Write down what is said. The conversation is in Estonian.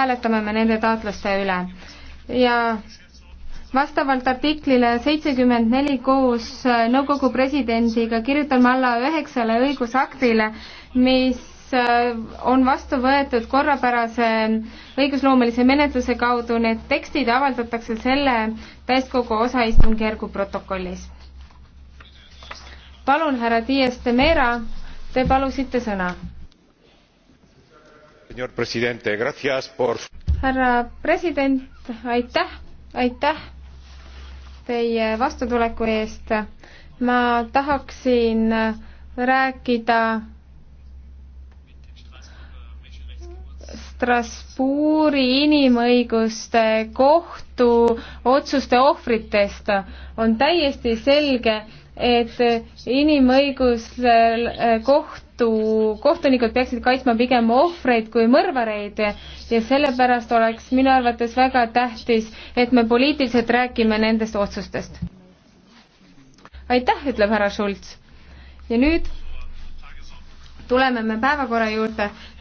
hääletame me nende taotluste üle ja vastavalt artiklile seitsekümmend neli koos äh, nõukogu presidendiga kirjutame alla üheksale õigusaktile, mis äh, on vastu võetud korrapärase õigusloomelise menetluse kaudu, need tekstid avaldatakse selle täiskogu osaistungjärgu protokollis. palun, härra Dias de Mera, te palusite sõna härra president, aitäh, aitäh teie vastutuleku eest. ma tahaksin rääkida Strasbourgi inimõiguste kohtu otsuste ohvritest on täiesti selge, et inimõiguse kohtu, kohtunikud peaksid kaitsma pigem ohvreid kui mõrvareid ja sellepärast oleks minu arvates väga tähtis, et me poliitiliselt räägime nendest otsustest. aitäh, ütleb härra Schulz. ja nüüd tuleme me päevakorra juurde.